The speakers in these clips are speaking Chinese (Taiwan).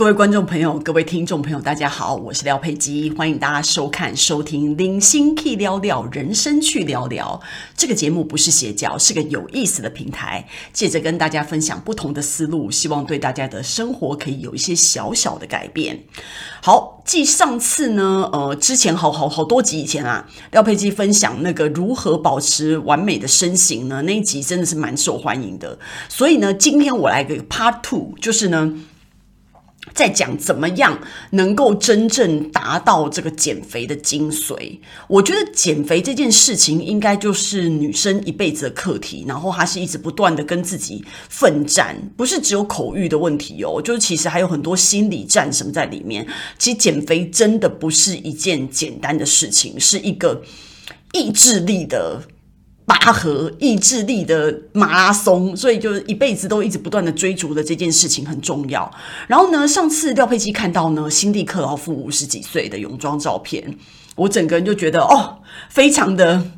各位觀眾朋友，各位聽眾朋友，大家好，我是廖佩基，歡迎大家收看、收聽《零星去聊聊人生去聊聊》這個節目不是邪教，是個有意思的平台，借着跟大家分享不同的思路，希望對大家的生活可以有一些小小的改變。好，繼上次呢，呃，之前好好好多集以前啊，廖佩基分享那個如何保持完美的身形呢，那一集真的是蠻受歡迎的。所以呢，今天我來個 Part Two，就是呢。在講怎麼樣能夠真正達到這個減肥的精髓。我覺得減肥這件事情應該就是女生一輩子的課題，然後她是一直不斷的跟自己奮戰，不是只有口欲的問題哦，就是其實還有很多心理戰什麼在裡面。其實減肥真的不是一件簡單的事情，是一個意志力的。拔河，意志力的馬拉松，所以就是一輩子都一直不斷的追逐的這件事情很重要。然後呢，上次廖佩琪看到呢，辛蒂克勞夫五十幾歲的泳裝照片，我整個人就覺得哦，非常的。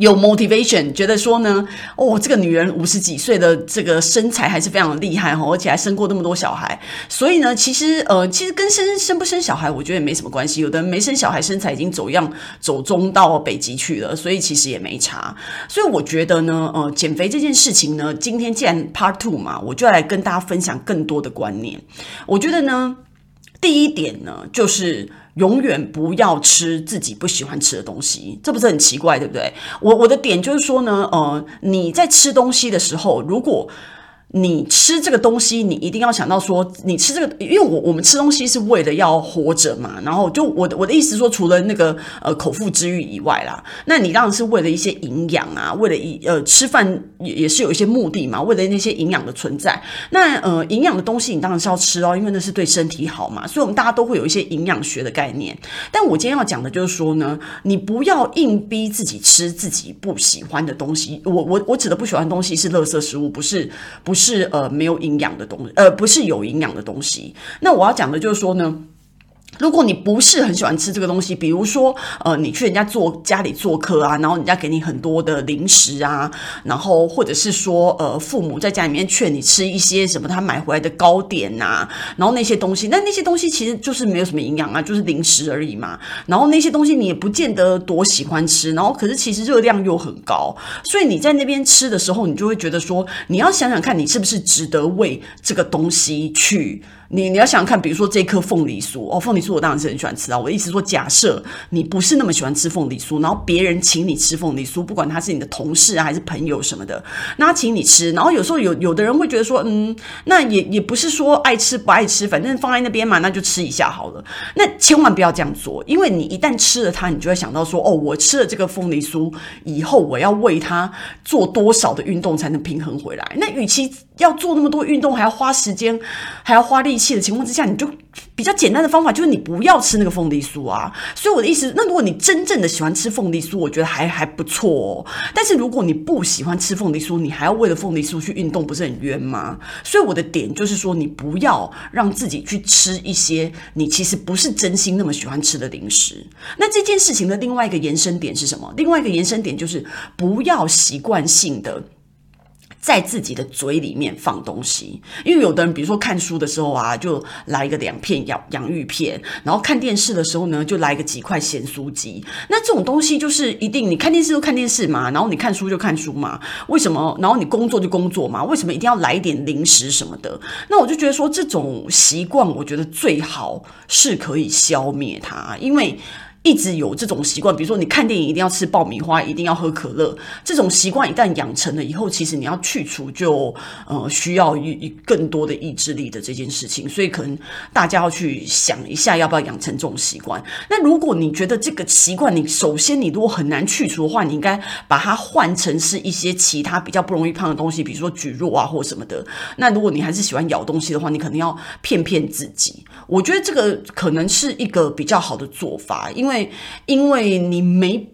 有 motivation，覺得說呢，哦，這個女人五十幾歲的這個身材還是非常的厲害哈，而且還生過那麼多小孩，所以呢，其實呃，其實跟生生不生小孩，我覺得也沒什麼關係。有的人沒生小孩，身材已經走樣，走中到北極去了，所以其實也沒差。所以我覺得呢，呃，減肥這件事情呢，今天既然 part two 嘛，我就來跟大家分享更多的觀念。我覺得呢，第一點呢，就是。永遠不要吃自己不喜歡吃的東西，這不是很奇怪，對不對？我我的點就是說呢，呃，你在吃東西的時候，如果你吃這個東西，你一定要想到說，你吃這個，因為我我們吃東西是為了要活着嘛。然後，就我的我的意思說，除了那個呃口腹之欲以外啦，那你當然是為了一些營養啊，為了呃吃飯也也是有一些目的嘛，為了那些營養的存在。那呃營養的東西你當然是要吃哦，因為那是對身體好嘛。所以我們大家都會有一些營養學的概念。但我今天要講的就是說呢，你不要硬逼自己吃自己不喜歡的東西。我我我指的不喜歡的東西是垃圾食物，不是不是。是呃沒有營養的東西，呃不是有營養的東西。那我要講的就是說呢。如果你不是很喜歡吃這個東西，比如說，呃，你去人家做家裡做客啊，然後人家給你很多的零食啊，然後或者是說，呃，父母在家裡面勸你吃一些什麼他買回來的糕點啊，然後那些東西，那那些東西其實就是沒有什麼營養啊，就是零食而已嘛。然後那些東西你也不見得多喜歡吃，然後可是其實熱量又很高，所以你在那邊吃的時候，你就會覺得說，你要想想看你是不是值得為這個東西去。你你要想看，比如說這顆鳳梨酥哦，鳳梨酥我當然是很喜歡吃啊。我的意思說，假設你不是那麼喜歡吃鳳梨酥，然後別人請你吃鳳梨酥，不管他是你的同事啊，還是朋友什麼的，那他請你吃。然後有時候有有的人會覺得說，嗯，那也也不是說愛吃不愛吃，反正放在那邊嘛，那就吃一下好了。那千萬不要這樣做，因為你一旦吃了它，你就會想到說，哦，我吃了這個鳳梨酥以後，我要為它做多少的運動才能平衡回來？那與其。要做那麼多運動，還要花時間，還要花力氣的情況之下，你就比較簡單的方法就是你不要吃那個鳳梨酥啊。所以我的意思，那如果你真正的喜歡吃鳳梨酥，我覺得還還不錯哦。但是如果你不喜歡吃鳳梨酥，你還要為了鳳梨酥去運動，不是很冤嗎？所以我的點就是說，你不要讓自己去吃一些你其實不是真心那麼喜歡吃的零食。那這件事情的另外一個延伸點是什麼？另外一個延伸點就是不要習慣性的。在自己的嘴裡面放東西，因為有的人，比如說看書的時候啊，就來一個兩片洋洋芋片，然後看電視的時候呢，就來個幾塊鹹酥雞。那這種東西就是一定，你看電視就看電視嘛，然後你看書就看書嘛，為什麼？然後你工作就工作嘛，為什麼一定要來一點零食什麼的？那我就覺得說這種習慣，我覺得最好是可以消滅它，因為。一直有這種習慣，比如說你看電影一定要吃爆米花，一定要喝可樂，這種習慣一旦養成了以後，其實你要去除就呃需要更多的意志力的這件事情，所以可能大家要去想一下要不要養成這種習慣。那如果你覺得這個習慣，你首先你如果很難去除的話，你應該把它換成是一些其他比較不容易胖的東西，比如說蒟蒻啊或什麼的。那如果你還是喜歡咬東西的話，你可能要騙騙自己，我覺得這個可能是一個比較好的做法，因為。因為，因為你沒。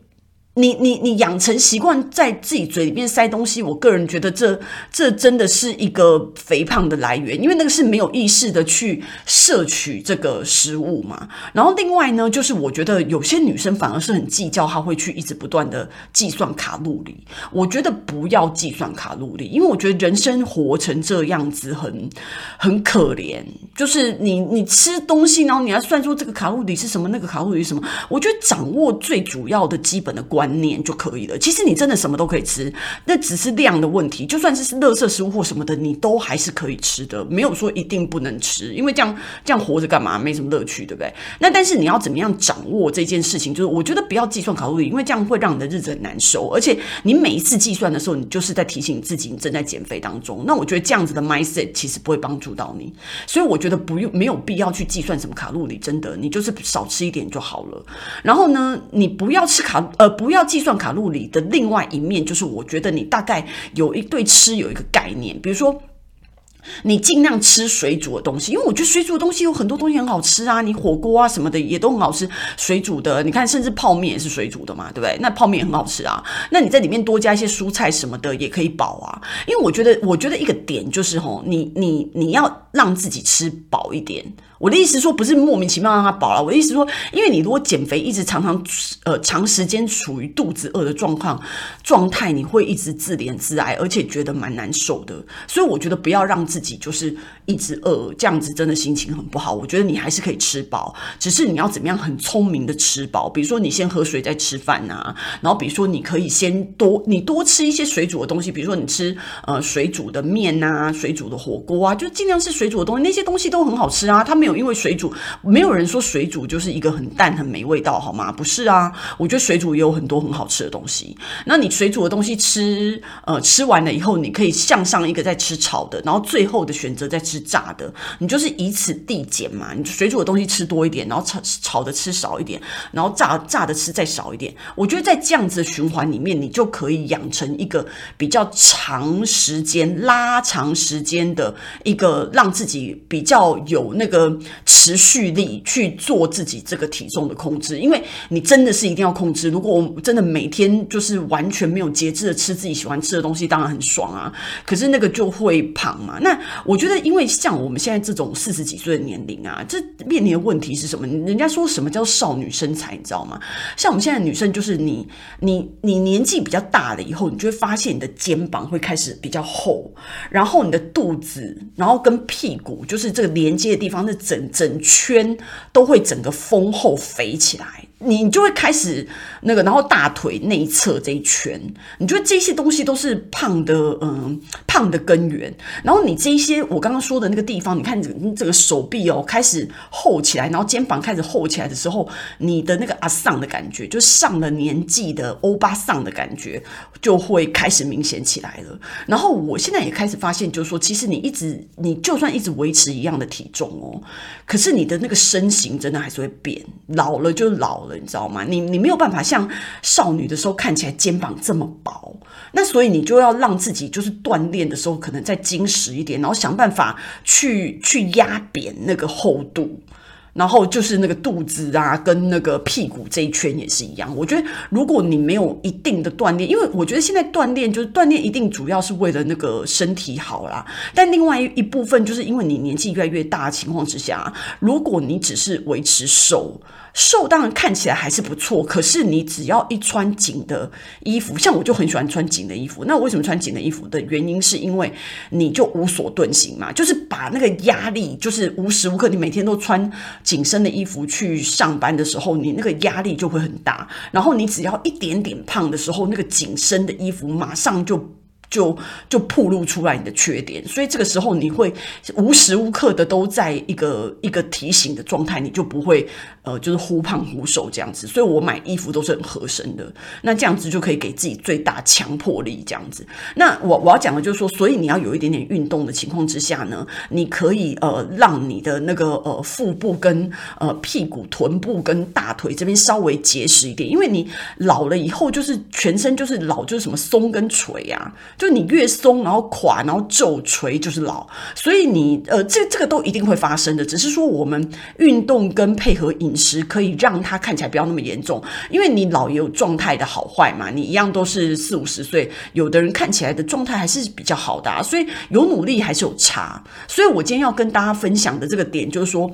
你你你養成習慣在自己嘴裡面塞東西，我個人覺得這這真的是一個肥胖的來源，因為那個是沒有意識的去攝取這個食物嘛。然後另外呢，就是我覺得有些女生反而是很計較，她會去一直不斷的計算卡路里。我覺得不要計算卡路里，因為我覺得人生活成這樣子很很可憐，就是你你吃東西，然後你要算出這個卡路里是什麼，那個卡路里是什麼，我覺得掌握最主要的、基本的關係。年就可以了。其實你真的什麼都可以吃，那只是量的問題。就算是是垃圾食物或什麼的，你都還是可以吃的，沒有說一定不能吃。因為這樣這樣活着幹嘛？沒什麼樂趣，對不對？那但是你要怎麼樣掌握這件事情？就是我覺得不要計算卡路里，因為這樣會讓你的日子很難受。而且你每一次計算的時候，你就是在提醒自己你正在減肥當中。那我覺得這樣子的 mindset 其實不會幫助到你。所以我覺得不用沒有必要去計算什麼卡路里，真的，你就是少吃一點就好了。然後呢，你不要吃卡，呃，不要。要計算卡路里的另外一面，就是我覺得你大概有一對吃有一個概念，比如說你盡量吃水煮的東西，因為我覺得水煮的東西有很多東西很好吃啊，你火鍋啊什麼的也都很好吃，水煮的，你看甚至泡麵也是水煮的嘛，對不對？那泡麵也很好吃啊，那你在裡面多加一些蔬菜什麼的也可以飽啊，因為我覺得我覺得一個點就是吼，你你你要讓自己吃飽一點。我的意思說不是莫名其妙讓它飽了，我的意思說，因為你如果減肥一直常常呃長時間處於肚子餓的狀況狀態，你會一直自憐自哀，而且覺得蠻難受的。所以我覺得不要讓自己就是一直餓，這樣子真的心情很不好。我覺得你還是可以吃飽，只是你要怎麼樣很聰明的吃飽。比如說你先喝水再吃飯啊，然後比如說你可以先多你多吃一些水煮的東西，比如說你吃呃水煮的麵啊，水煮的火鍋啊，就盡量是水煮的東西，那些東西都很好吃啊，他們。沒有，因為水煮，沒有人說水煮就是一個很淡很沒味道，好嗎？不是啊，我覺得水煮也有很多很好吃的東西。那你水煮的東西吃，呃，吃完了以後，你可以向上一個再吃炒的，然後最後的選擇再吃炸的。你就是以此遞減嘛。你水煮的東西吃多一點，然後炒炒的吃少一點，然後炸炸的吃再少一點。我覺得在這樣子的循環裡面，你就可以養成一個比較長時間、拉長時間的一個讓自己比較有那個。持續力去做自己這個體重的控制，因為你真的是一定要控制。如果我真的每天就是完全沒有節制的吃，吃自己喜歡吃的東西，當然很爽啊，可是那個就會胖嘛。那我覺得，因為像我們現在這種四十幾歲的年齡啊，這面臨的問題是什麼？人家說什麼叫少女身材，你知道嗎？像我們現在的女生，就是你、你、你年紀比較大了以後，你就會發現你的肩膀會開始比較厚，然後你的肚子，然後跟屁股，就是這個連接的地方整整圈都會整個豐厚肥起來。你就會開始那個，然後大腿內側這一圈，你覺得這些東西都是胖的，嗯，胖的根源。然後你這一些我剛剛說的那個地方，你看你你這個手臂哦，開始厚起來，然後肩膀開始厚起來的時候，你的那個阿桑的感覺，就是上了年紀的歐巴桑的感覺，就會開始明顯起來了。然後我現在也開始發現，就是說，其實你一直你就算一直維持一樣的體重哦，可是你的那個身形真的還是會變，老了就老了。你知道嗎？你你沒有辦法像少女的時候看起來肩膀這麼薄，那所以你就要讓自己就是鍛鍊的時候可能再精實一點，然後想辦法去去壓扁那個厚度，然後就是那個肚子啊跟那個屁股這一圈也是一樣。我覺得如果你沒有一定的鍛鍊，因為我覺得現在鍛鍊就是鍛鍊一定主要是為了那個身體好啦，但另外一部分就是因為你年紀越來越大的情況之下，如果你只是維持瘦。瘦當然看起來還是不錯，可是你只要一穿緊的衣服，像我就很喜歡穿緊的衣服。那我為什麼穿緊的衣服的原因，是因為你就無所遁形嘛，就是把那個壓力，就是無時無刻你每天都穿緊身的衣服去上班的時候，你那個壓力就會很大。然後你只要一點點胖的時候，那個緊身的衣服馬上就。就就暴露出來你的缺點，所以這個時候你會無時無刻的都在一個一個提醒的狀態，你就不會呃就是忽胖忽瘦這樣子。所以我買衣服都是很合身的，那這樣子就可以給自己最大強迫力這樣子。那我我要講的就是說，所以你要有一點點運動的情況之下呢，你可以呃讓你的那個呃腹部跟呃屁股、臀部跟大腿這邊稍微結實一點，因為你老了以後就是全身就是老就是什麼鬆跟垂呀、啊，就你越鬆，然後垮，然後皺垂，就是老。所以你呃，這個、這個都一定會發生的，只是說我們運動跟配合飲食，可以讓它看起來不要那麼嚴重。因為你老也有狀態的好壞嘛，你一樣都是四五十歲，有的人看起來的狀態還是比較好的啊，所以有努力還是有差。所以我今天要跟大家分享的這個點，就是說。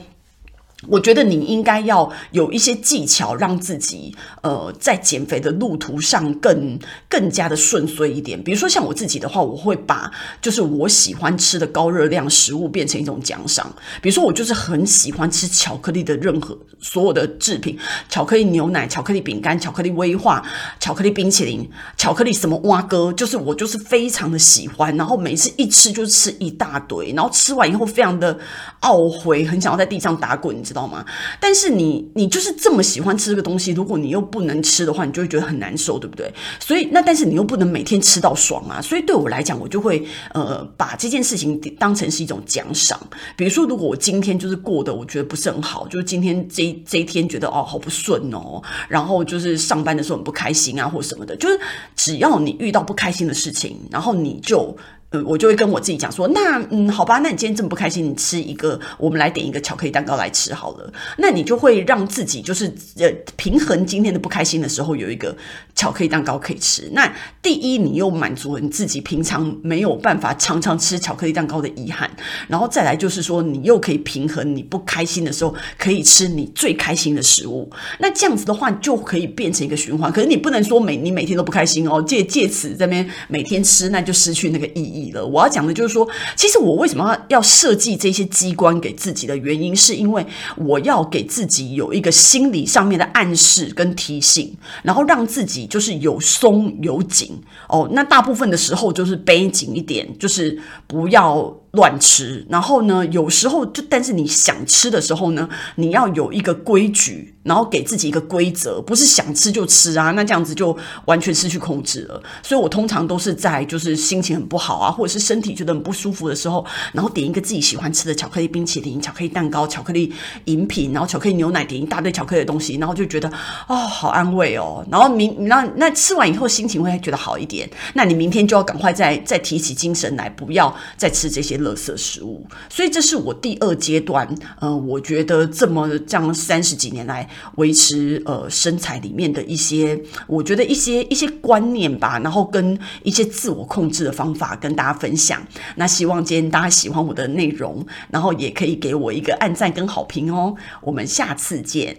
我覺得你應該要有一些技巧，讓自己呃在減肥的路途上更更加的順遂一點。比如說像我自己的話，我會把就是我喜歡吃的高熱量食物變成一種獎賞。比如說我就是很喜歡吃巧克力的任何所有的制品，巧克力牛奶、巧克力餅乾、巧克力威化、巧克力冰淇淋、巧克力什麼蛙哥，就是我就是非常的喜歡，然後每次一吃就吃一大堆，然後吃完以後非常的懊悔，很想要在地上打滾子。知道嗎？但是你你就是這麼喜歡吃這個東西，如果你又不能吃的話，你就會覺得很難受，對不對？所以那但是你又不能每天吃到爽啊。所以對我來講，我就會呃把這件事情當成是一種獎賞。比如說，如果我今天就是過得我覺得不是很好，就是今天這這一天覺得哦好不順哦，然後就是上班的時候很不開心啊，或者什麼的，就是只要你遇到不開心的事情，然後你就。嗯，我就會跟我自己講說，那嗯，好吧，那你今天這麼不開心，你吃一個，我們來點一個巧克力蛋糕來吃好了。那你就會讓自己就是呃平衡今天的不開心的時候，有一個巧克力蛋糕可以吃。那第一，你又滿足了你自己平常沒有辦法常常吃巧克力蛋糕的遺憾，然後再來就是說，你又可以平衡你不開心的時候可以吃你最開心的食物。那這樣子的話，就可以變成一個循環。可是你不能說每你每天都不開心哦，借借此這邊每天吃，那就失去那個意義。我要講的就是說，其實我為什麼要設計這些機關給自己的原因，是因為我要給自己有一個心理上面的暗示跟提醒，然後讓自己就是有鬆有緊哦。那大部分的時候就是背緊一點，就是不要。亂吃，然後呢，有時候就，但是你想吃的時候呢，你要有一個規矩，然後給自己一個規則，不是想吃就吃啊。那這樣子就完全失去控制了。所以我通常都是在就是心情很不好啊，或者是身體覺得很不舒服的時候，然後點一個自己喜歡吃的巧克力冰淇淋、巧克力蛋糕、巧克力飲品，然後巧克力牛奶，點一大堆巧克力的東西，然後就覺得哦，好安慰哦。然後明，那，那吃完以後心情會覺得好一點。那你明天就要趕快再，再提起精神來，不要再吃這些。垃圾食物，所以這是我第二階段。呃，我覺得這麼這樣三十幾年來維持呃身材裡面的一些，我覺得一些一些觀念吧，然後跟一些自我控制的方法跟大家分享。那希望今天大家喜歡我的內容，然後也可以給我一個按讚跟好評哦。我們下次見。